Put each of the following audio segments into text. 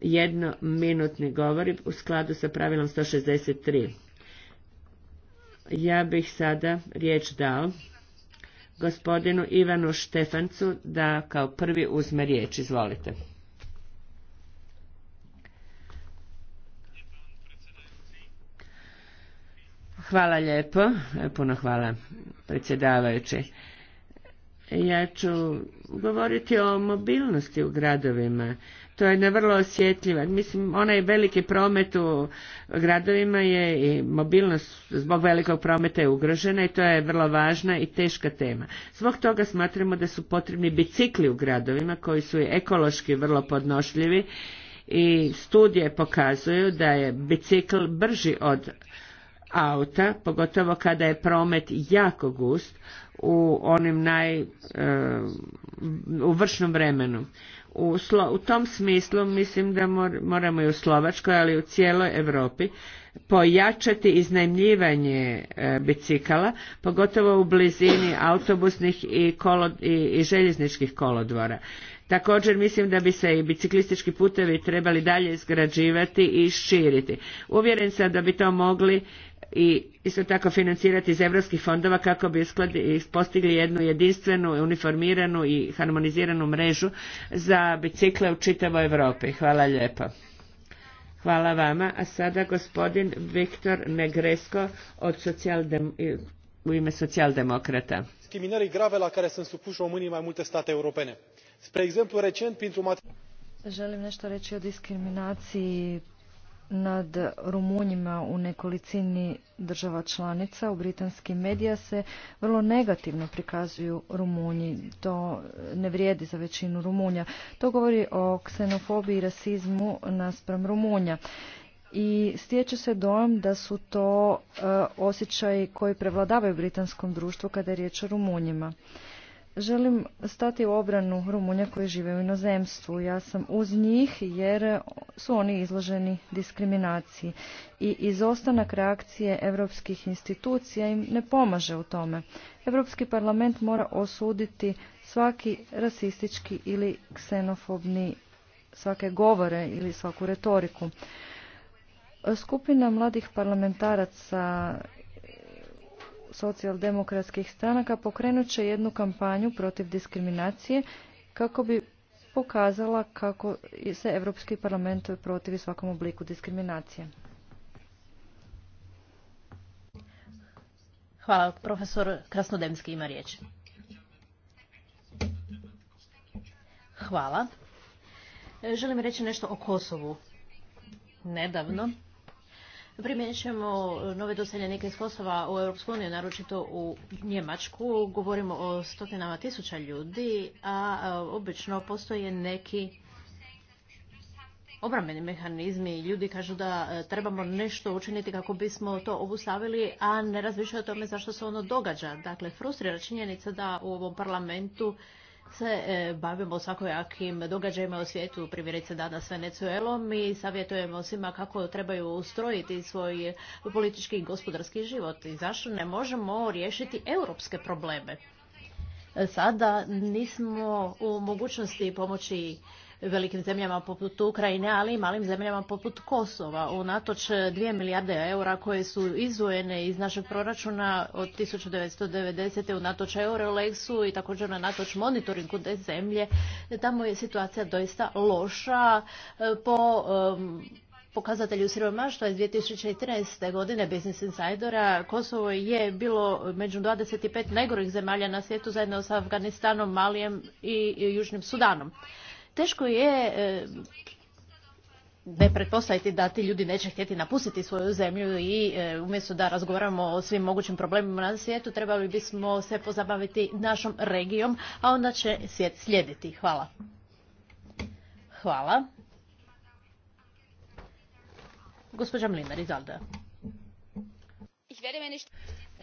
jednominutni govori u skladu sa pravilom 163. Ja bih sada riječ dao gospodinu Ivanu Štefancu da kao prvi uzme riječ. Izvolite. Hvala lijepo. Puno hvala predsjedavajući. Ja ću govoriti o mobilnosti u gradovima to je vrlo osjetljiva. Mislim, onaj veliki promet u gradovima je i mobilnost zbog velikog prometa je ugrožena i to je vrlo važna i teška tema. Zbog toga smatramo da su potrebni bicikli u gradovima koji su ekološki vrlo podnošljivi i studije pokazuju da je bicikl brži od auta, pogotovo kada je promet jako gust u onim naj, e, u vršnom vremenu. U, u tom smislu mislim da moramo i u Slovačkoj, ali i u cijeloj Europi pojačati iznajmljivanje e, bicikala, pogotovo u blizini autobusnih i, kolo, i, i željezničkih kolodvora. Također mislim da bi se i biciklistički putevi trebali dalje izgrađivati i širiti. Uvjeren sam da bi to mogli i isto tako financirati iz europskih fondova kako bi postigli jednu jedinstvenu, uniformiranu i harmoniziranu mrežu za bicikle u čitavoj Europi. Hvala lijepo. Hvala vama. A sada gospodin Viktor Negresko od socijaldem, u ime socijaldemokrata. Discriminării grave la care sunt supuși românii mai multe state europene. Spre exemplu, recent, printr-un Želim nešto reći o diskriminaciji nad Rumunjima u nekolicini država članica u britanskim medija se vrlo negativno prikazuju Rumunji. To ne vrijedi za većinu Rumunja. To govori o ksenofobiji i rasizmu naspram Rumunja. I stječe se dojam da su to e, osjećaji koji prevladavaju britanskom društvu kada je riječ o Rumunjima. Želim stati u obranu Rumunja koji žive u inozemstvu. Ja sam uz njih jer su oni izloženi diskriminaciji i izostanak reakcije europskih institucija im ne pomaže u tome. Europski parlament mora osuditi svaki rasistički ili ksenofobni svake govore ili svaku retoriku. Skupina mladih parlamentaraca socijaldemokratskih stranaka pokrenut će jednu kampanju protiv diskriminacije kako bi pokazala kako se Europski parlament protivi svakom obliku diskriminacije. Hvala. Profesor Krasnodemski ima riječ. Hvala. Želim reći nešto o Kosovu. Nedavno Primjenit ćemo nove doseljenike neke Kosova u Europsku uniju, naročito u Njemačku. Govorimo o stotinama tisuća ljudi, a obično postoje neki obrambeni mehanizmi. Ljudi kažu da e, trebamo nešto učiniti kako bismo to obustavili, a ne razmišljaju o tome zašto se ono događa. Dakle, frustrira činjenica da u ovom parlamentu se e, bavimo svakojakim događajima u svijetu, primjerice danas Venezuelom i savjetujemo svima kako trebaju ustrojiti svoj politički i gospodarski život i zašto ne možemo riješiti europske probleme. E, sada nismo u mogućnosti pomoći velikim zemljama poput Ukrajine, ali i malim zemljama poput Kosova. Unatoč 2 milijarde eura koje su izvojene iz našeg proračuna od 1990. unatoč Eurolexu i također na natoč monitoringu te zemlje, tamo je situacija doista loša po pokazatelju siromaštva iz 2013. godine Business Insidera Kosovo je bilo među 25 najgorih zemalja na svijetu zajedno sa Afganistanom, Malijem i Južnim Sudanom. Teško je e, ne pretpostaviti da ti ljudi neće htjeti napustiti svoju zemlju i e, umjesto da razgovaramo o svim mogućim problemima na svijetu, trebali bismo se pozabaviti našom regijom, a onda će svijet slijediti. Hvala. Hvala. Gospođa Mlinar izalda.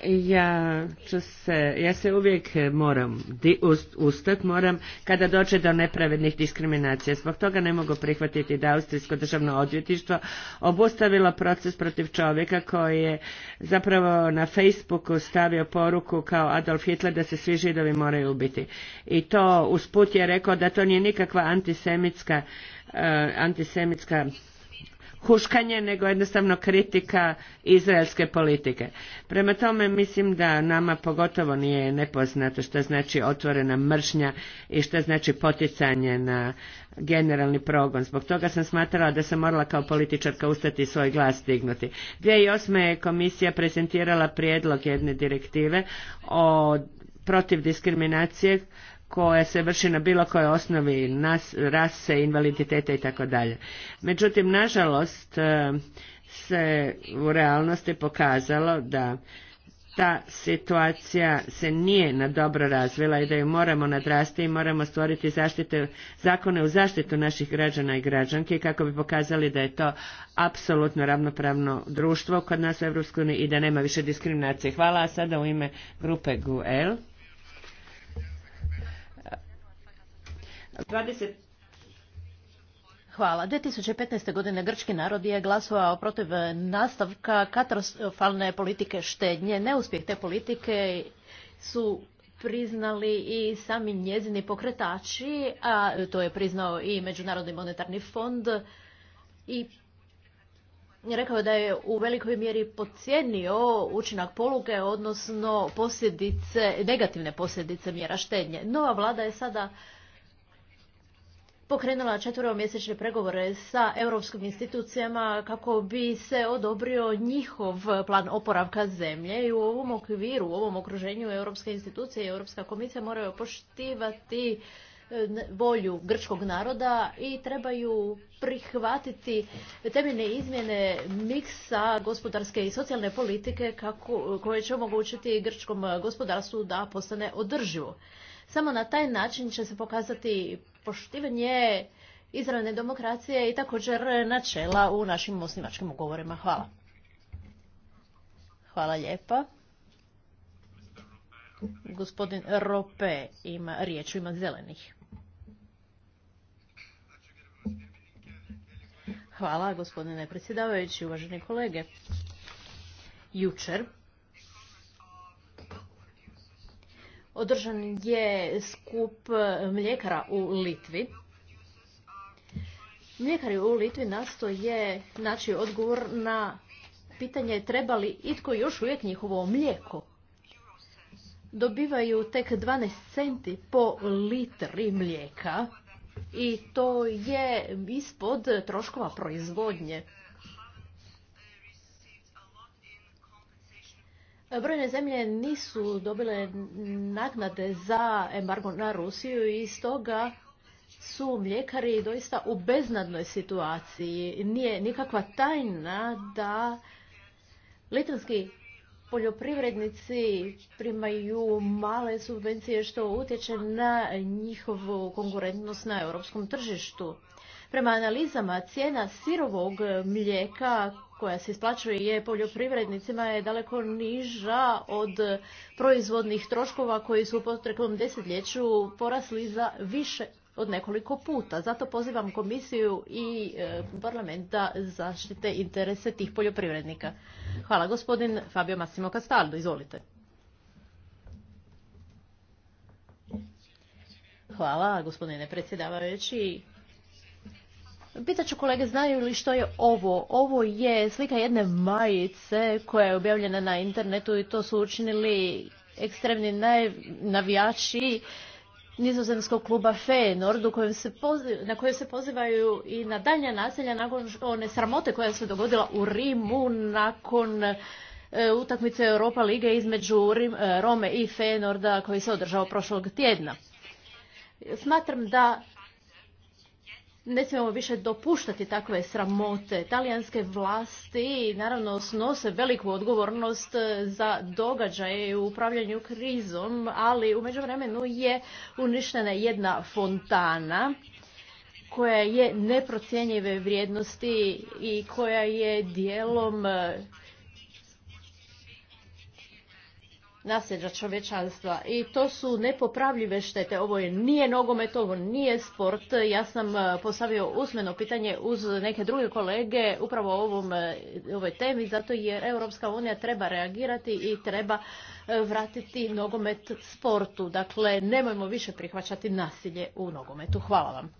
Ja ću se, ja se uvijek moram di, ust, moram kada dođe do nepravednih diskriminacija. Zbog toga ne mogu prihvatiti da Austrijsko državno odvjetništvo obustavilo proces protiv čovjeka koji je zapravo na Facebooku stavio poruku kao Adolf Hitler da se svi židovi moraju ubiti. I to usput je rekao da to nije nikakva antisemitska, eh, antisemitska huškanje, nego jednostavno kritika izraelske politike. Prema tome mislim da nama pogotovo nije nepoznato što znači otvorena mršnja i što znači poticanje na generalni progon. Zbog toga sam smatrala da sam morala kao političarka ustati svoj glas dignuti. 2008. je komisija prezentirala prijedlog jedne direktive o protiv diskriminacije koje se vrši na bilo kojoj osnovi nas, rase, invaliditeta i tako dalje. Međutim, nažalost e, se u realnosti pokazalo da ta situacija se nije na dobro razvila i da ju moramo nadrasti i moramo stvoriti zaštite, zakone u zaštitu naših građana i građanki kako bi pokazali da je to apsolutno ravnopravno društvo kod nas u EU i da nema više diskriminacije. Hvala, a sada u ime grupe GUEL. Hvala. 2015. godine grčki narod je glasovao protiv nastavka katastrofalne politike štednje. Neuspjeh te politike su priznali i sami njezini pokretači, a to je priznao i Međunarodni monetarni fond i rekao da je u velikoj mjeri podcijenio učinak poluge, odnosno posljedice, negativne posljedice mjera štednje. Nova vlada je sada pokrenula četveromjesečne pregovore sa europskim institucijama kako bi se odobrio njihov plan oporavka zemlje i u ovom okviru, u ovom okruženju europske institucije i Europska komisija moraju poštivati e, volju grčkog naroda i trebaju prihvatiti temeljne izmjene miksa gospodarske i socijalne politike kako, koje će omogućiti grčkom gospodarstvu da postane održivo. Samo na taj način će se pokazati poštivanje izravne demokracije i također načela u našim osnivačkim ugovorima. Hvala. Hvala lijepa. Gospodin Rope ima riječ ima zelenih. Hvala gospodine predsjedavajući, uvaženi kolege. Jučer održan je skup e, mljekara u Litvi. Mljekari u Litvi nastoje naći odgovor na pitanje treba li itko još uvijek njihovo mlijeko. Dobivaju tek 12 centi po litri mlijeka i to je ispod troškova proizvodnje. Brojne zemlje nisu dobile naknade za embargo na Rusiju i stoga su mljekari doista u beznadnoj situaciji. Nije nikakva tajna da litanski poljoprivrednici primaju male subvencije što utječe na njihovu konkurentnost na europskom tržištu. Prema analizama cijena sirovog mlijeka koja se isplaćuje je poljoprivrednicima je daleko niža od proizvodnih troškova koji su u potreklom desetljeću porasli za više od nekoliko puta. Zato pozivam komisiju i e, Parlamenta zaštite interese tih poljoprivrednika. Hvala gospodin Fabio Massimo Castaldo, izvolite. Hvala gospodine predsjedavajući. Pitaću kolege znaju li što je ovo. Ovo je slika jedne majice koja je objavljena na internetu i to su učinili ekstremni navijači nizozemskog kluba Feyenoord na koje se pozivaju i na dalje naselja nakon one sramote koja se dogodila u Rimu nakon e, utakmice Europa lige između e, Rome i Feyenoorda koji se održao prošlog tjedna. Smatram da ne smijemo više dopuštati takve sramote. Talijanske vlasti naravno snose veliku odgovornost e, za događaje u upravljanju krizom, ali u međuvremenu je uništena jedna fontana koja je neprocjenjive vrijednosti i koja je dijelom e, nasljeđa čovječanstva i to su nepopravljive štete. Ovo nije nogomet, ovo nije sport. Ja sam e, postavio usmeno pitanje uz neke druge kolege upravo o ovom, e, ovoj temi, zato jer Europska unija treba reagirati i treba e, vratiti nogomet sportu. Dakle, nemojmo više prihvaćati nasilje u nogometu. Hvala vam.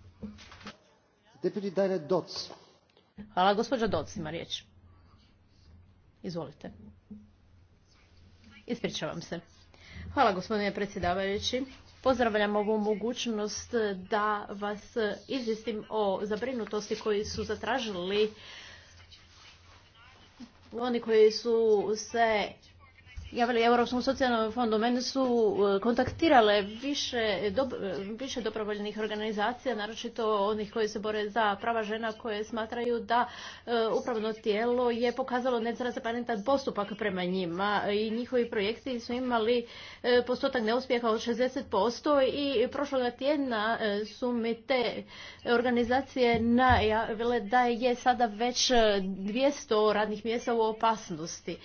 Hvala, gospođa Doc ima riječ. Izvolite. Ispričavam se. Hvala gospodine predsjedavajući. Pozdravljam ovu mogućnost da vas izvjestim o zabrinutosti koji su zatražili oni koji su se javili Europskom socijalnom fondu. Mene su e, kontaktirale više, e, e, više dobrovoljnih organizacija, naročito onih koji se bore za prava žena koje smatraju da upravno tijelo je pokazalo netransparentan postupak prema njima i njihovi projekti su imali postotak neuspjeha od 60% i prošloga tjedna su mi te organizacije najavile da je sada već 200 radnih mjesta u opasnosti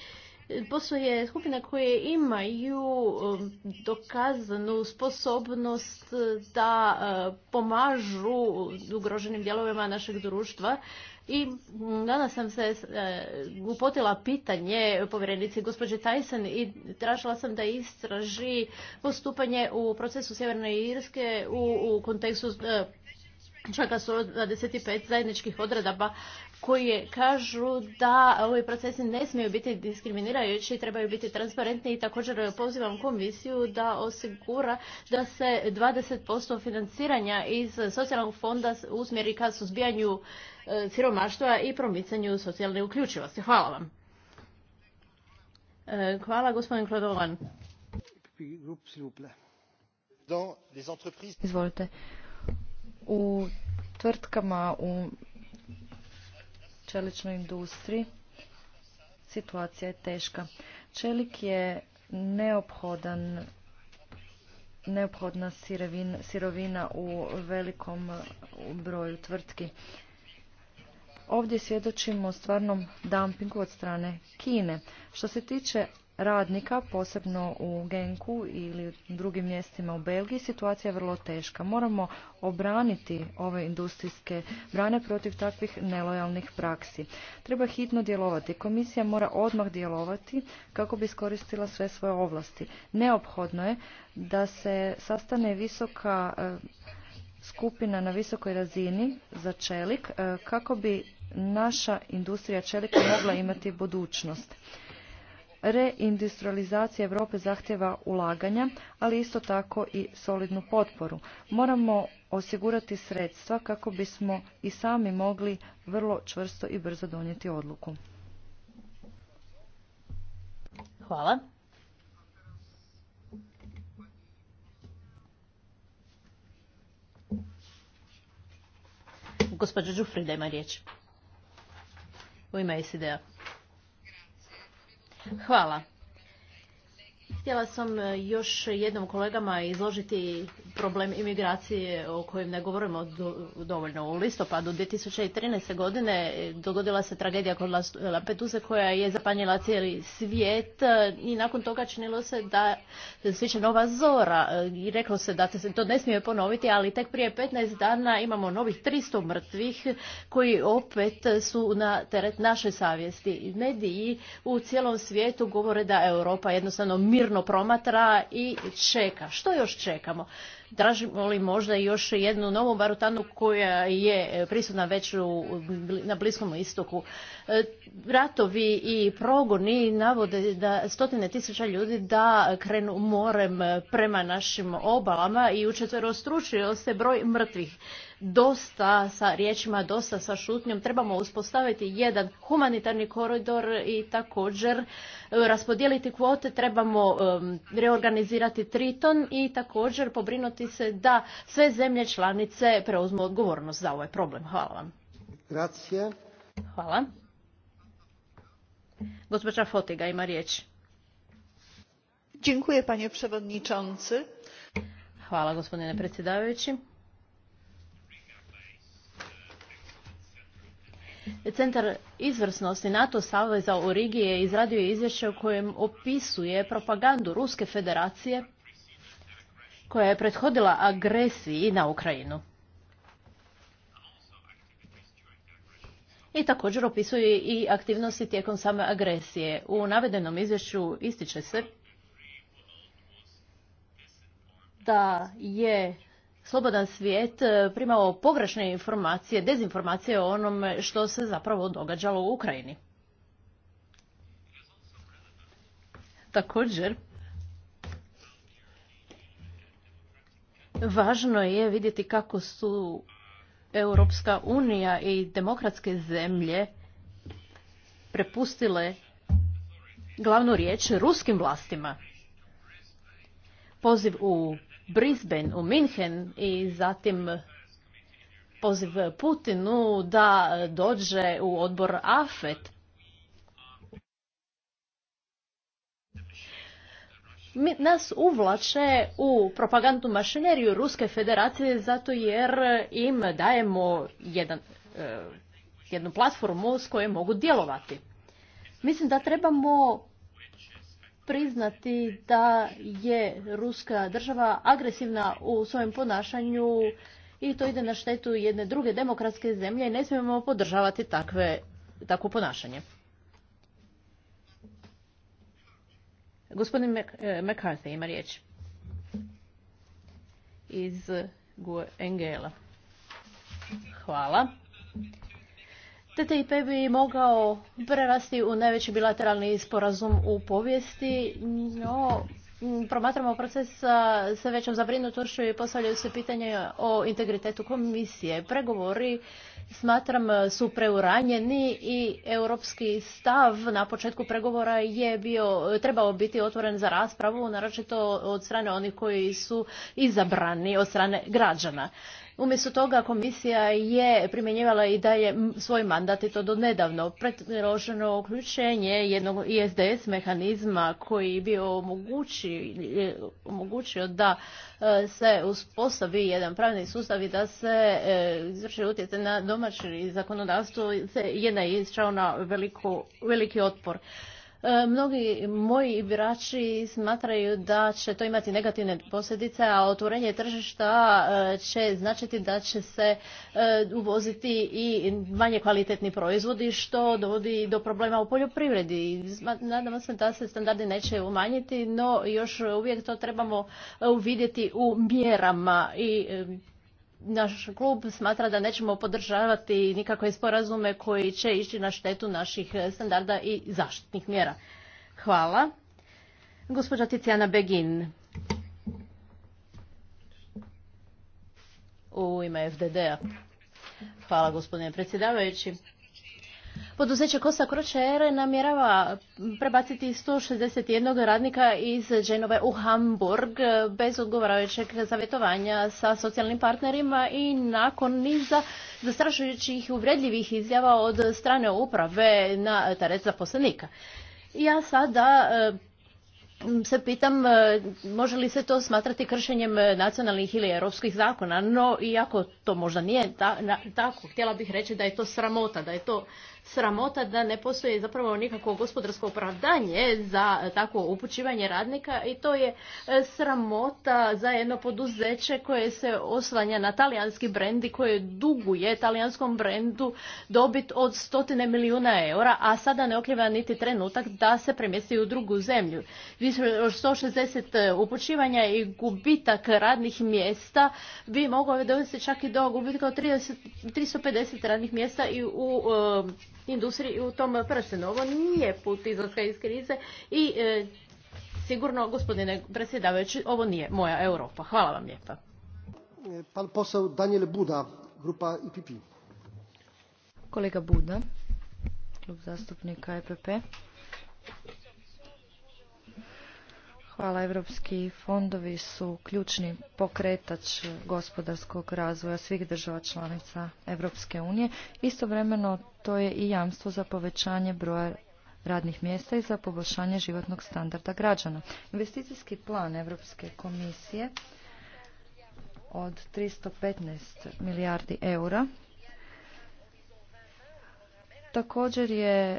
postoje skupina koje imaju um, dokazanu sposobnost uh, da uh, pomažu ugroženim dijelovima našeg društva i mm, danas sam se uh, upotila pitanje povjerenici gospođe Tyson i tražila sam da istraži postupanje u procesu Sjeverne Irske u, u kontekstu članka 125 zajedničkih odredaba koje kažu da ovi procesi ne smiju biti diskriminirajući, trebaju biti transparentni i također pozivam komisiju da osigura da se 20% financiranja iz socijalnog fonda usmjeri ka suzbijanju e, siromaštva i promicanju socijalne uključivosti. Hvala vam. E, hvala gospodin Klodovan. Izvolite u tvrtkama u čeličnoj industriji situacija je teška. Čelik je neophodan neophodna sirovina u velikom broju tvrtki. Ovdje svjedočimo stvarnom dumpingu od strane Kine. Što se tiče radnika, posebno u Genku ili drugim mjestima u Belgiji, situacija je vrlo teška. Moramo obraniti ove industrijske brane protiv takvih nelojalnih praksi. Treba hitno djelovati. Komisija mora odmah djelovati kako bi iskoristila sve svoje ovlasti. Neophodno je da se sastane visoka e, skupina na visokoj razini za čelik e, kako bi naša industrija čelika mogla imati budućnost. Reindustrializacija Europe zahtjeva ulaganja, ali isto tako i solidnu potporu. Moramo osigurati sredstva kako bismo i sami mogli vrlo čvrsto i brzo donijeti odluku. Hvala. ima riječ. U ime Hvala. Htjela sam e, još jednom kolegama izložiti problem imigracije o kojem ne govorimo dovoljno. U listopadu 2013. godine dogodila se tragedija kod Lampeduse koja je zapanjila cijeli svijet e, i nakon toga činilo se da sviče nova zora e, i reklo se da se to ne smije ponoviti, ali tek prije 15 dana imamo novih 300 mrtvih koji opet su na teret naše savjesti. Mediji u cijelom svijetu govore da Europa jednostavno mirno promatra i čeka. Što još čekamo? Dražimo li možda još jednu novu barutanu koja je prisutna već na Bliskom istoku? E, ratovi i progoni navode da stotine tisuća ljudi da krenu morem prema našim obalama i u učetverostručio se broj mrtvih dosta sa riječima, dosta sa šutnjom. Trebamo uspostaviti jedan humanitarni koridor i također e, raspodijeliti kvote. Trebamo reorganizirati Triton i također pobrinuti se da sve zemlje članice preuzmu odgovornost za ovaj problem. Hvala vam. Grazie. Hvala. Gospođa Fotiga ima riječ. Dziękuję, panie przewodniczący. Hvala, gospodine predsjedavajući. Centar izvrsnosti NATO Saveza u Rigi je izradio izvješće u kojem opisuje propagandu Ruske federacije koja je prethodila agresiji na Ukrajinu. I također opisuje i aktivnosti tijekom same agresije. U navedenom izvješću ističe se da je slobodan svijet e, primao pogrešne informacije, dezinformacije o onome što se zapravo događalo u Ukrajini. Također, važno je vidjeti kako su Europska unija i demokratske zemlje prepustile glavnu riječ ruskim vlastima. Poziv u Brisbane, u Minhen i zatim poziv Putinu da dođe u odbor AFET. Nas uvlače u propagandnu mašineriju Ruske federacije zato jer im dajemo jedan, e, jednu platformu s kojoj mogu djelovati. Mislim da trebamo priznati da je ruska država agresivna u svojem ponašanju i to ide na štetu jedne druge demokratske zemlje i ne smijemo podržavati takve, takvo ponašanje. Gospodin e, McCarthy ima riječ iz Engela. Hvala. TTIP bi mogao prerasti u najveći bilateralni sporazum u povijesti, no promatramo proces sa većom zabrinutošću i postavljaju se pitanje o integritetu komisije. Pregovori smatram su preuranjeni i europski stav na početku pregovora je bio, trebao biti otvoren za raspravu, naročito od strane onih koji su izabrani od strane građana. Umjesto toga komisija je primjenjivala i je svoj mandat i to do nedavno. Predloženo uključenje jednog ISDS mehanizma koji bi omogući, omogućio da e, se uspostavi jedan pravni sustav i da se e, izvrši utjecaj na domaće zakonodavstvo je naišao na veliki otpor. E, mnogi moji birači smatraju da će to imati negativne posljedice, a otvorenje tržišta e, će značiti da će se e, uvoziti i manje kvalitetni proizvodi, što dovodi do problema u poljoprivredi. Nadamo se da se standardi neće umanjiti, no još uvijek to trebamo uvidjeti u mjerama i naš klub smatra da nećemo podržavati nikakve sporazume koji će ići na štetu naših standarda i zaštitnih mjera. Hvala. Gospođa Ticijana Begin. U ime FDD-a. Hvala gospodine predsjedavajući. Poduzeće Kosta Kročere namjerava prebaciti 161 radnika iz Dženove u Hamburg bez odgovarajućeg savjetovanja sa socijalnim partnerima i nakon niza zastrašujućih uvredljivih izjava od strane uprave na teret zaposlenika. Ja sada e, se pitam e, može li se to smatrati kršenjem nacionalnih ili europskih zakona, no iako to možda nije tako, htjela bih reći da je to sramota, da je to sramota da ne postoji zapravo nikakvo gospodarsko opravdanje za takvo upućivanje radnika i to je e, sramota za jedno poduzeće koje se oslanja na talijanski brend i koje duguje talijanskom brendu dobit od stotine milijuna eura, a sada ne okljeva niti trenutak da se premjesti u drugu zemlju. Više od 160 e, upućivanja i gubitak radnih mjesta bi mogao dovesti čak i do gubitka od 350 radnih mjesta i u e, industriji u tom prstenu. Ovo nije put izlaska iz krize i e, sigurno, gospodine predsjedavajući, ovo nije moja Europa. Hvala vam lijepa. Pan posao Daniel Buda, grupa IPP. Kolega Buda, klub zastupnika EPP. Hvala. Evropski fondovi su ključni pokretač gospodarskog razvoja svih država članica Evropske unije. Istovremeno to je i jamstvo za povećanje broja radnih mjesta i za poboljšanje životnog standarda građana. Investicijski plan Europske komisije od 315 milijardi eura također je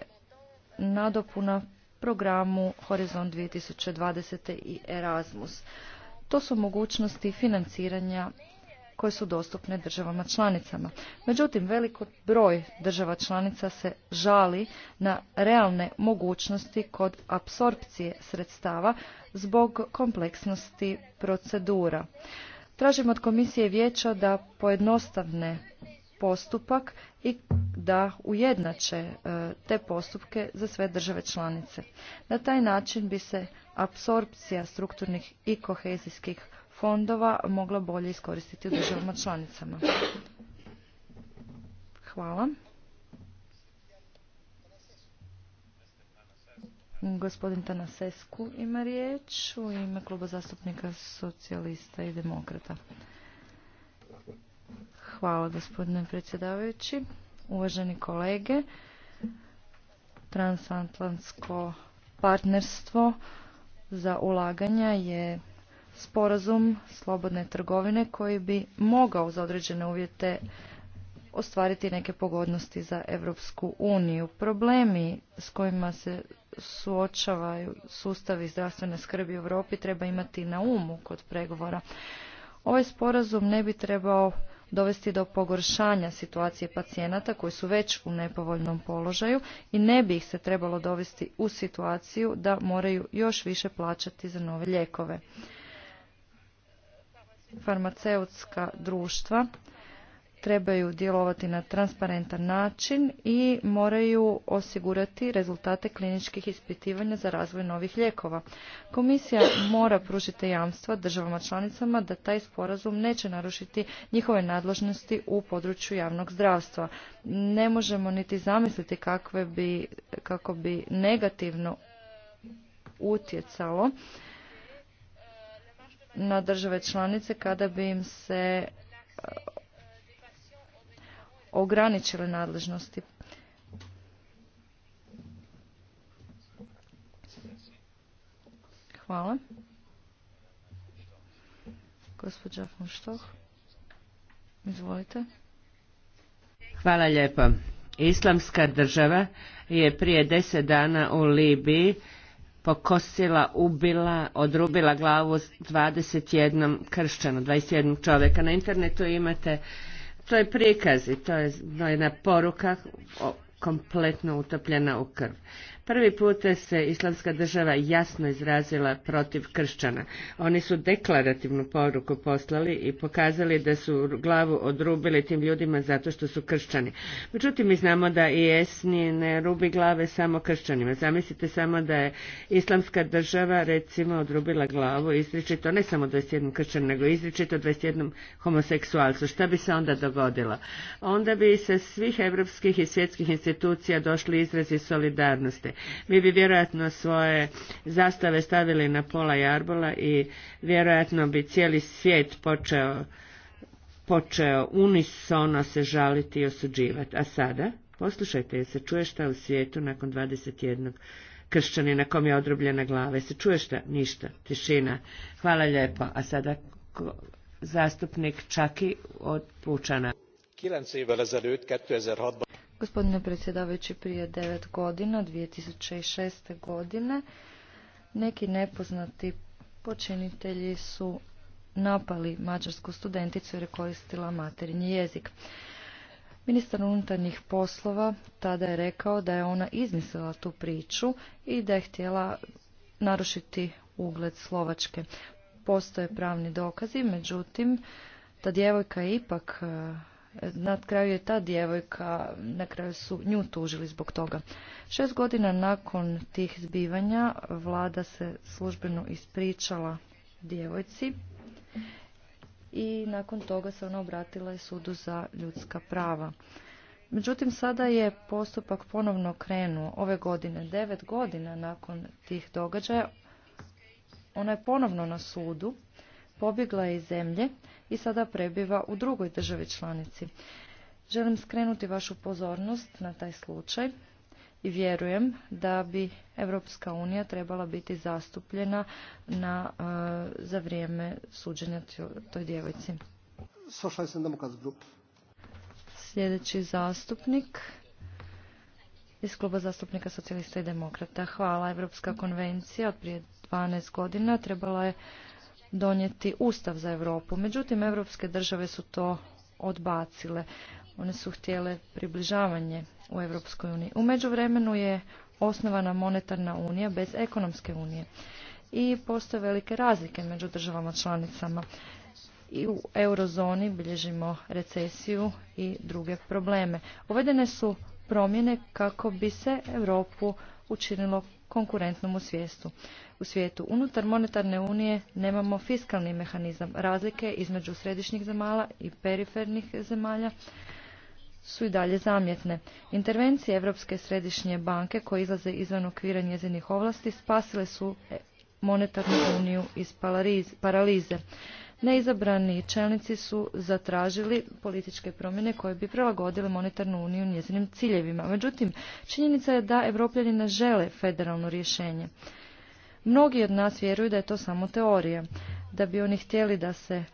nadopuna programu Horizont 2020. i Erasmus. To su mogućnosti financiranja koje su dostupne državama članicama. Međutim, veliko broj država članica se žali na realne mogućnosti kod apsorpcije sredstava zbog kompleksnosti procedura. Tražimo od komisije vijeća da pojednostavne postupak i da ujednače e, te postupke za sve države članice. Na taj način bi se apsorpcija strukturnih i kohezijskih fondova mogla bolje iskoristiti u državama članicama. Hvala. Gospodin Tanasescu ima riječ u ime Kluba zastupnika socijalista i demokrata. Hvala gospodine predsjedavajući. Uvaženi kolege, transatlantsko partnerstvo za ulaganja je sporazum slobodne trgovine koji bi mogao za određene uvjete ostvariti neke pogodnosti za Europsku uniju. Problemi s kojima se suočavaju sustavi zdravstvene skrbi u Europi treba imati na umu kod pregovora. Ovaj sporazum ne bi trebao dovesti do pogoršanja situacije pacijenata koji su već u nepovoljnom položaju i ne bi ih se trebalo dovesti u situaciju da moraju još više plaćati za nove lijekove. Farmaceutska društva trebaju djelovati na transparentan način i moraju osigurati rezultate kliničkih ispitivanja za razvoj novih lijekova. Komisija mora pružiti jamstva državama članicama da taj sporazum neće narušiti njihove nadležnosti u području javnog zdravstva. Ne možemo niti zamisliti kakve bi, kako bi negativno utjecalo na države članice kada bi im se ograničile nadležnosti. Hvala. Gospođa von izvolite. Hvala lijepo. Islamska država je prije deset dana u Libiji pokosila, ubila, odrubila glavu 21 kršćanu, 21 čovjeka. Na internetu imate to je prikaz i to je jedna poruka kompletno utopljena u krv. Prvi put se islamska država jasno izrazila protiv kršćana. Oni su deklarativnu poruku poslali i pokazali da su glavu odrubili tim ljudima zato što su kršćani. Međutim, mi znamo da IS ne rubi glave samo kršćanima. Zamislite samo da je islamska država recimo odrubila glavu izričito, ne samo 21 kršćan, nego izričito 21 homoseksualcu. Šta bi se onda dogodilo? Onda bi se svih evropskih i svjetskih institucija došli izrazi solidarnosti. Mi bi vjerojatno svoje zastave stavili na pola jarbola i vjerojatno bi cijeli svijet počeo, počeo unisono se žaliti i osuđivati. A sada, poslušajte, se čuje šta u svijetu nakon 21 na kom je odrubljena glava. Se čuje šta? Ništa. Tišina. Hvala lijepo. A sada zastupnik Čaki od Pučana. Gospodine predsjedavajući, prije devet godina, 2006. godine, neki nepoznati počinitelji su napali mađarsku studenticu jer je koristila materinji jezik. Ministar unutarnjih poslova tada je rekao da je ona izmislila tu priču i da je htjela narušiti ugled Slovačke. Postoje pravni dokazi, međutim, ta djevojka je ipak na kraju je ta djevojka, na kraju su nju tužili zbog toga. Šest godina nakon tih zbivanja vlada se službeno ispričala djevojci i nakon toga se ona obratila i sudu za ljudska prava. Međutim, sada je postupak ponovno krenuo ove godine, devet godina nakon tih događaja. Ona je ponovno na sudu pobjegla je iz zemlje i sada prebiva u drugoj državi članici. Želim skrenuti vašu pozornost na taj slučaj i vjerujem da bi Europska unija trebala biti zastupljena na, e, za vrijeme suđenja toj djevojci. Sljedeći zastupnik iz kluba zastupnika socijalista i demokrata. Hvala. Europska konvencija od prije 12 godina trebala je donijeti ustav za Europu. Međutim, europske države su to odbacile. One su htjele približavanje u Europskoj uniji. U međuvremenu je osnovana monetarna unija bez ekonomske unije i postoje velike razlike među državama članicama. I u eurozoni bilježimo recesiju i druge probleme. Uvedene su promjene kako bi se Europu učinilo konkurentnom u, u svijetu. Unutar monetarne unije nemamo fiskalni mehanizam. Razlike između središnjih zemalja i perifernih zemalja su i dalje zamjetne. Intervencije Europske središnje banke koje izlaze izvan okvira njezinih ovlasti spasile su monetarnu uniju iz paralize. Neizabrani čelnici su zatražili političke promjene koje bi prilagodile monetarnu uniju njezinim ciljevima. Međutim, činjenica je da evropljani ne žele federalno rješenje. Mnogi od nas vjeruju da je to samo teorija, da bi oni htjeli da se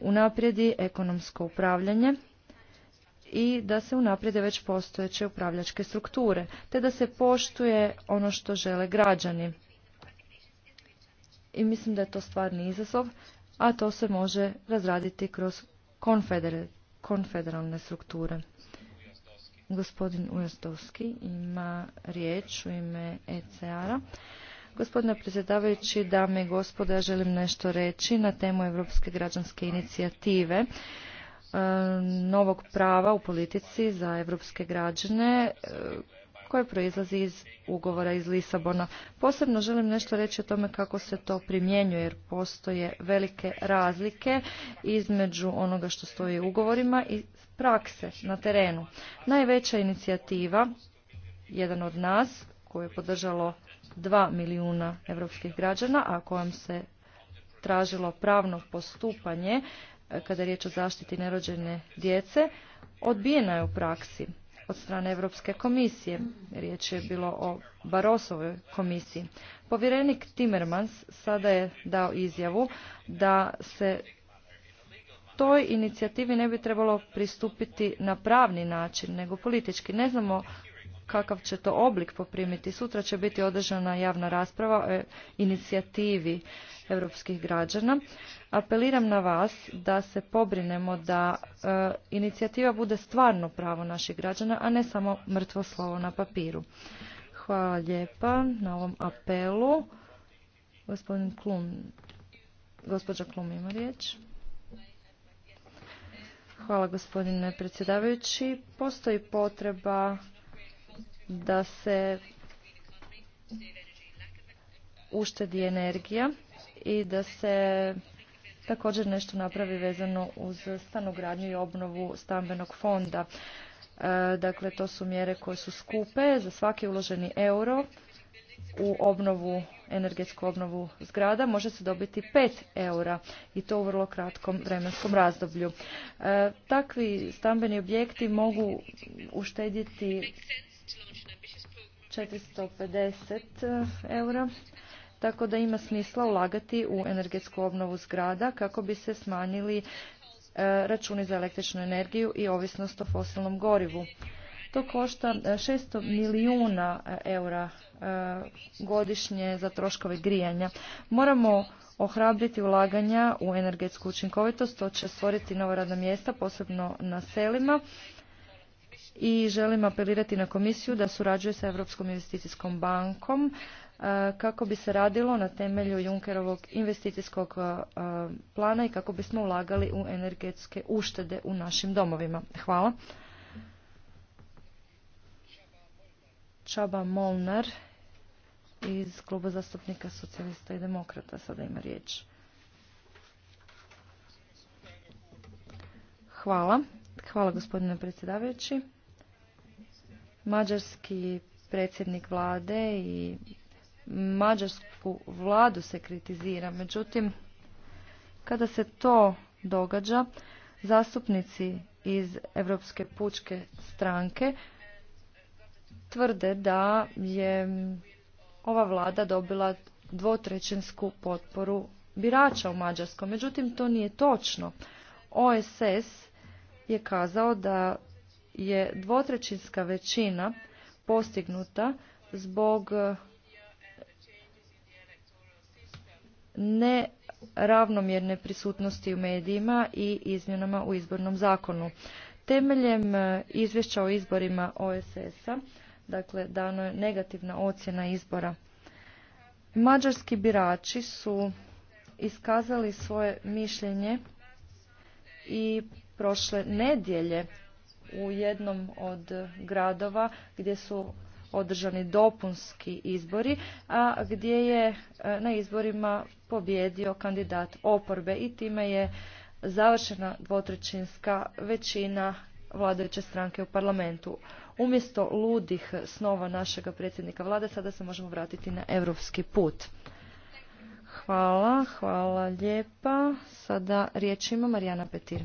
unaprijedi ekonomsko upravljanje i da se unaprijede već postojeće upravljačke strukture, te da se poštuje ono što žele građani. I mislim da je to stvarni izazov a to se može razraditi kroz konfederalne strukture. Gospodin Ujastovski ima riječ u ime ECR-a. Gospodine predsjedavajući, dame i gospodo, ja želim nešto reći na temu Europske građanske inicijative e, novog prava u politici za europske građane e, koje proizlazi iz ugovora iz Lisabona. Posebno želim nešto reći o tome kako se to primjenjuje jer postoje velike razlike između onoga što stoji u ugovorima i prakse na terenu. Najveća inicijativa, jedan od nas, koju je podržalo 2 milijuna europskih građana, a kojom se tražilo pravno postupanje e, kada je riječ o zaštiti nerođene djece, odbijena je u praksi od strane Europske komisije. Riječ je bilo o Barosovoj komisiji. Povjerenik Timmermans sada je dao izjavu da se toj inicijativi ne bi trebalo pristupiti na pravni način, nego politički. Ne znamo kakav će to oblik poprimiti. Sutra će biti održana javna rasprava o inicijativi europskih građana. Apeliram na vas da se pobrinemo da e, inicijativa bude stvarno pravo naših građana, a ne samo mrtvo slovo na papiru. Hvala lijepa na ovom apelu. Gospodin Klum, gospođa Klum ima riječ. Hvala gospodine predsjedavajući. Postoji potreba da se uštedi energija i da se također nešto napravi vezano uz stanogradnju i obnovu stambenog fonda. E, dakle, to su mjere koje su skupe za svaki uloženi euro u obnovu, energetsku obnovu zgrada može se dobiti 5 eura i to u vrlo kratkom vremenskom razdoblju. E, takvi stambeni objekti mogu uštedjeti 450 eh, eura, tako da ima smisla ulagati u energetsku obnovu zgrada kako bi se smanjili eh, računi za električnu energiju i ovisnost o fosilnom gorivu. To košta 600 eh, milijuna eura godišnje za troškove grijanja. Moramo ohrabriti ulaganja u energetsku učinkovitost, to će stvoriti nova radna mjesta, posebno na selima i želim apelirati na komisiju da surađuje sa Europskom investicijskom bankom e, kako bi se radilo na temelju Junkerovog investicijskog e, plana i kako bismo ulagali u energetske uštede u našim domovima. Hvala. Čaba Molnar iz Kluba zastupnika socijalista i demokrata sada ima riječ. Hvala. Hvala gospodine predsjedavajući. Mađarski predsjednik vlade i mađarsku vladu se kritizira. Međutim, kada se to događa, zastupnici iz Europske pučke stranke tvrde da je ova vlada dobila dvotrećinsku potporu birača u Mađarskom. Međutim, to nije točno. OSS je kazao da je dvotrećinska većina postignuta zbog e, neravnomjerne prisutnosti u medijima i izmjenama u izbornom zakonu. Temeljem e, izvješća o izborima OSS-a, dakle dano je negativna ocjena izbora. Mađarski birači su iskazali svoje mišljenje i prošle nedjelje u jednom od gradova gdje su održani dopunski izbori, a gdje je e, na izborima pobjedio kandidat oporbe i time je završena dvotrećinska većina vladajuće stranke u parlamentu. Umjesto ludih snova našega predsjednika vlade, sada se možemo vratiti na europski put. Hvala, hvala lijepa. Sada riječ ima Marijana Petir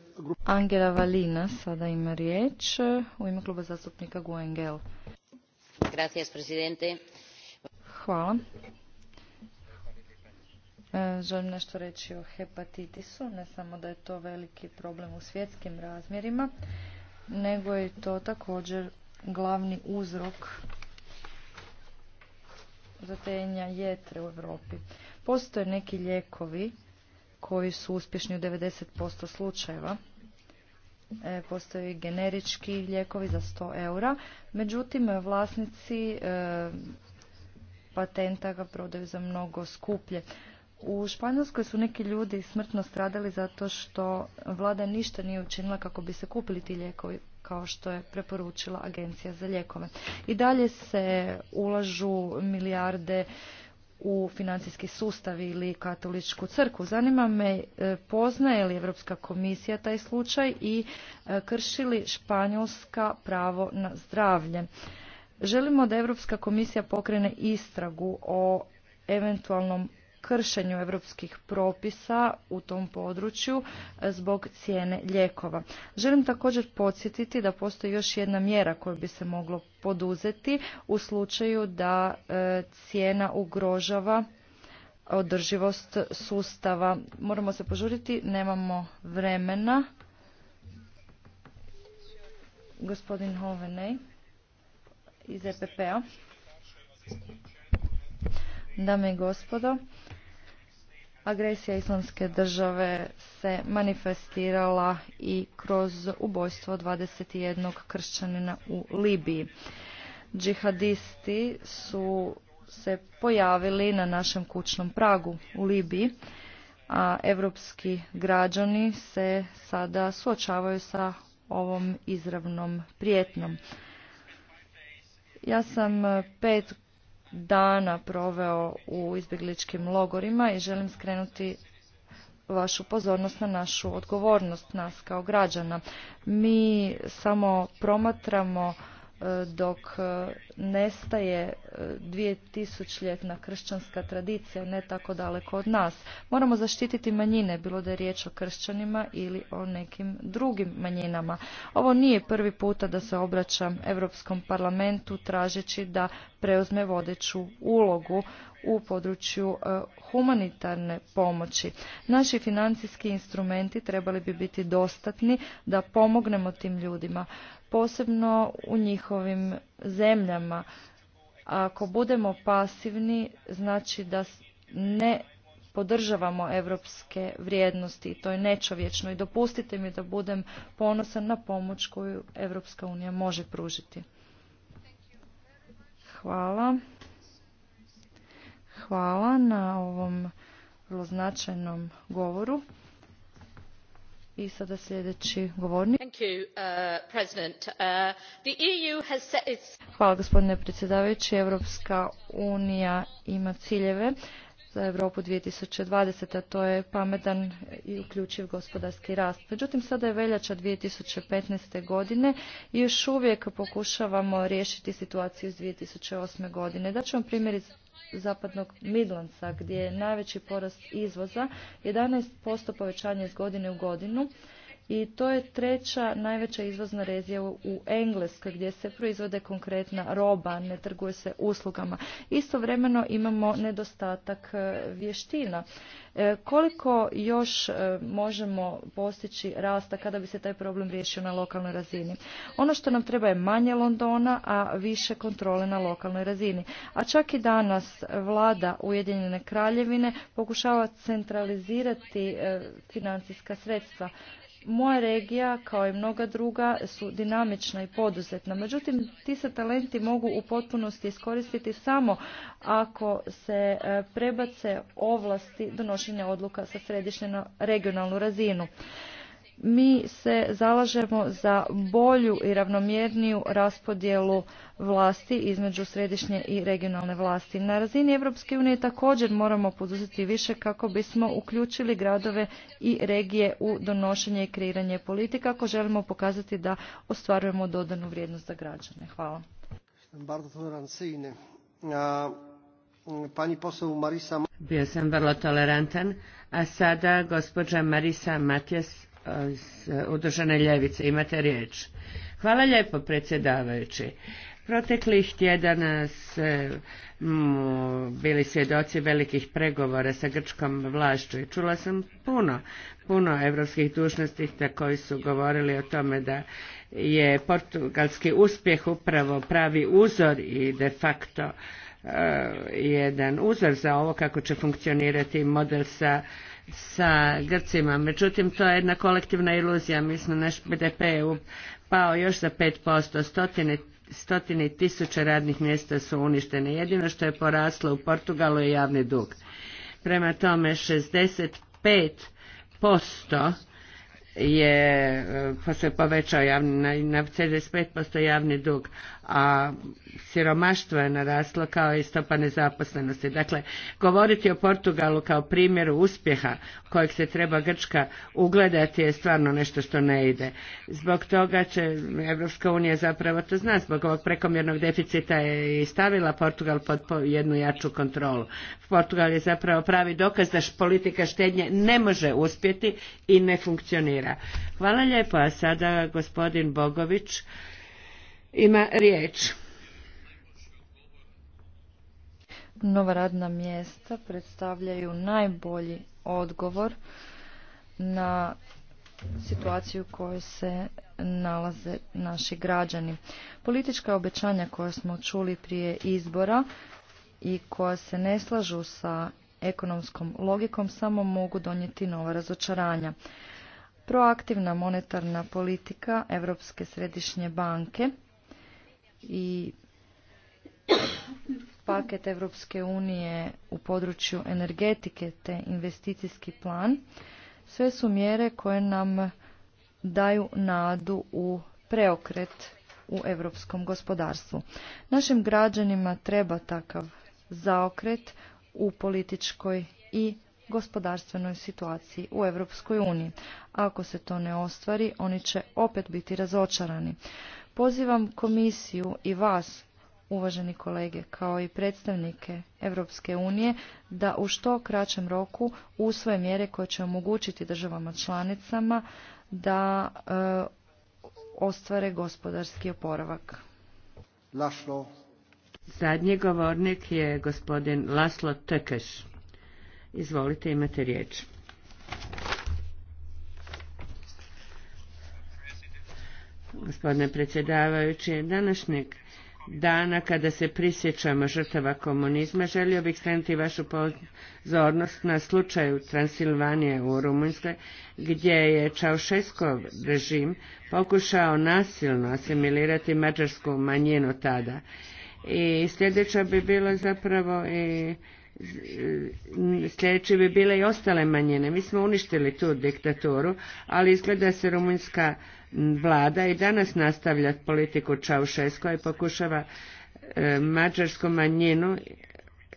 Angela Valina sada ima riječ u ime kluba zastupnika Guengel. Gracias, presidente. Hvala. E, želim nešto reći o hepatitisu, ne samo da je to veliki problem u svjetskim razmjerima, nego je to također glavni uzrok zatenja jetre u Europi. Postoje neki lijekovi koji su uspješni u 90% slučajeva. E, postoje generički lijekovi za 100 eura, međutim vlasnici e, patenta ga prodaju za mnogo skuplje. U Španjolskoj su neki ljudi smrtno stradali zato što vlada ništa nije učinila kako bi se kupili ti lijekovi kao što je preporučila Agencija za lijekove. I dalje se ulažu milijarde u financijski sustav ili katoličku crku. Zanima me e, poznaje li Europska komisija taj slučaj i e, krši li Španjolska pravo na zdravlje. Želimo da Europska komisija pokrene istragu o eventualnom kršenju europskih propisa u tom području e, zbog cijene lijekova. Želim također podsjetiti da postoji još jedna mjera koju bi se moglo poduzeti u slučaju da e, cijena ugrožava održivost sustava. Moramo se požuriti, nemamo vremena. Gospodin Hovenej iz EPP-a. Dame i gospodo, agresija islamske države se manifestirala i kroz ubojstvo 21 kršćanina u Libiji. Džihadisti su se pojavili na našem kućnom pragu u Libiji, a evropski građani se sada suočavaju sa ovom izravnom prijetnom. Ja sam pet dana proveo u izbjegličkim logorima i želim skrenuti vašu pozornost na našu odgovornost nas kao građana. Mi samo promatramo e, dok e, nestaje 2000-ljetna e, kršćanska tradicija ne tako daleko od nas. Moramo zaštititi manjine, bilo da je riječ o kršćanima ili o nekim drugim manjinama. Ovo nije prvi puta da se obraćam Europskom parlamentu tražeći da preuzme vodeću ulogu u području e, humanitarne pomoći. Naši financijski instrumenti trebali bi biti dostatni da pomognemo tim ljudima, posebno u njihovim zemljama. ako budemo pasivni, znači da ne podržavamo europske vrijednosti i to je nečovječno i dopustite mi da budem ponosan na pomoć koju Evropska unija može pružiti. Hvala. Hvala na ovom vrlo značajnom govoru. I sada govornik. Hvala gospodine predsjedavajući. Europska unija ima ciljeve za Europu 2020. A to je pametan i uključiv gospodarski rast. Međutim, sada je veljača 2015. godine i još uvijek pokušavamo riješiti situaciju iz 2008. godine. Daću vam primjer iz zapadnog Midlandsa gdje je najveći porast izvoza, 11% povećanje iz godine u godinu i to je treća najveća izvozna rezija u Engleskoj gdje se proizvode konkretna roba, ne trguje se uslugama. Istovremeno imamo nedostatak e, vještina. E, koliko još e, možemo postići rasta kada bi se taj problem riješio na lokalnoj razini? Ono što nam treba je manje Londona, a više kontrole na lokalnoj razini. A čak i danas vlada Ujedinjene kraljevine pokušava centralizirati financijska sredstva moja regija, kao i mnoga druga, su dinamična i poduzetna. Međutim, ti se talenti mogu u potpunosti iskoristiti samo ako se e, prebace ovlasti donošenja odluka sa središnje na regionalnu razinu mi se zalažemo za bolju i ravnomjerniju raspodjelu vlasti između središnje i regionalne vlasti. Na razini Europske unije također moramo poduzeti više kako bismo uključili gradove i regije u donošenje i kreiranje politika ako želimo pokazati da ostvarujemo dodanu vrijednost za građane. Hvala. Bio sam vrlo tolerantan, a sada gospođa Marisa Matjes Udružene ljevice. Imate riječ. Hvala lijepo predsjedavajući. Proteklih tjedana se bili svjedoci velikih pregovora sa grčkom vlašću i čula sam puno, puno evropskih dužnosnika koji su govorili o tome da je portugalski uspjeh upravo pravi uzor i de facto e, jedan uzor za ovo kako će funkcionirati model sa sa Grcima. Međutim, to je jedna kolektivna iluzija. Mi smo naš BDP pao još za 5%. Stotine stotine tisuće radnih mjesta su uništene. Jedino što je poraslo u Portugalu je javni dug. Prema tome, 65% je se povećao javni, na 75% javni dug, a siromaštvo je naraslo kao i stopa nezaposlenosti. Dakle, govoriti o Portugalu kao primjeru uspjeha kojeg se treba Grčka ugledati je stvarno nešto što ne ide. Zbog toga će Evropska unija zapravo to zna, zbog ovog prekomjernog deficita je i stavila Portugal pod jednu jaču kontrolu. Portugal je zapravo pravi dokaz da politika štednje ne može uspjeti i ne funkcionira Hvala lijepo, a sada gospodin Bogović ima riječ. Nova radna mjesta predstavljaju najbolji odgovor na situaciju u kojoj se nalaze naši građani. Politička obećanja koja smo čuli prije izbora i koja se ne slažu sa ekonomskom logikom samo mogu donijeti nova razočaranja. Proaktivna monetarna politika Europske središnje banke i paket Europske unije u području energetike te investicijski plan sve su mjere koje nam daju nadu u preokret u europskom gospodarstvu. Našim građanima treba takav zaokret u političkoj i gospodarstvenoj situaciji u Europskoj uniji. Ako se to ne ostvari, oni će opet biti razočarani. Pozivam komisiju i vas, uvaženi kolege, kao i predstavnike Europske unije, da u što kraćem roku usvoje mjere koje će omogućiti državama članicama da e, ostvare gospodarski oporavak. Zadnji govornik je gospodin Laslo Tekes. Izvolite, imate riječ. Gospodine predsjedavajući, današnjeg dana kada se prisjećamo žrtava komunizma, želio bih skrenuti vašu pozornost na slučaju Transilvanije u Rumunjskoj, gdje je Čaušeskov režim pokušao nasilno asimilirati mađarsku manjinu tada. I sljedeća bi bila zapravo i sljedeće bi bile i ostale manjine. Mi smo uništili tu diktaturu, ali izgleda se rumunjska vlada i danas nastavlja politiku Čaušesko i pokušava e, mađarsku manjinu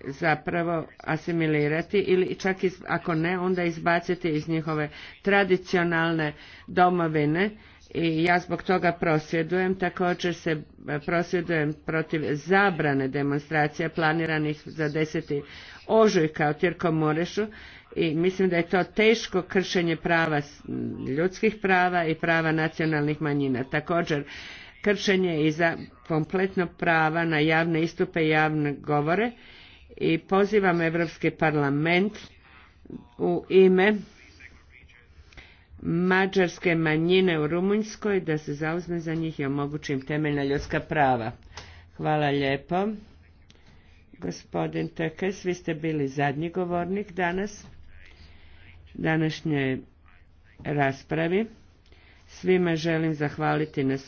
zapravo asimilirati ili čak ako ne onda izbaciti iz njihove tradicionalne domovine i ja zbog toga prosvjedujem. Također se e, prosvjedujem protiv zabrane demonstracija planiranih za 10. ožujka u Tirkom Morešu i mislim da je to teško kršenje prava, ljudskih prava i prava nacionalnih manjina. Također kršenje i za kompletno prava na javne istupe i javne govore i pozivam Europski parlament u ime mađarske manjine u Rumunjskoj da se zauzme za njih i omogući im temeljna ljudska prava. Hvala lijepo. Gospodin Tekes, vi ste bili zadnji govornik danas, današnje raspravi. Svima želim zahvaliti na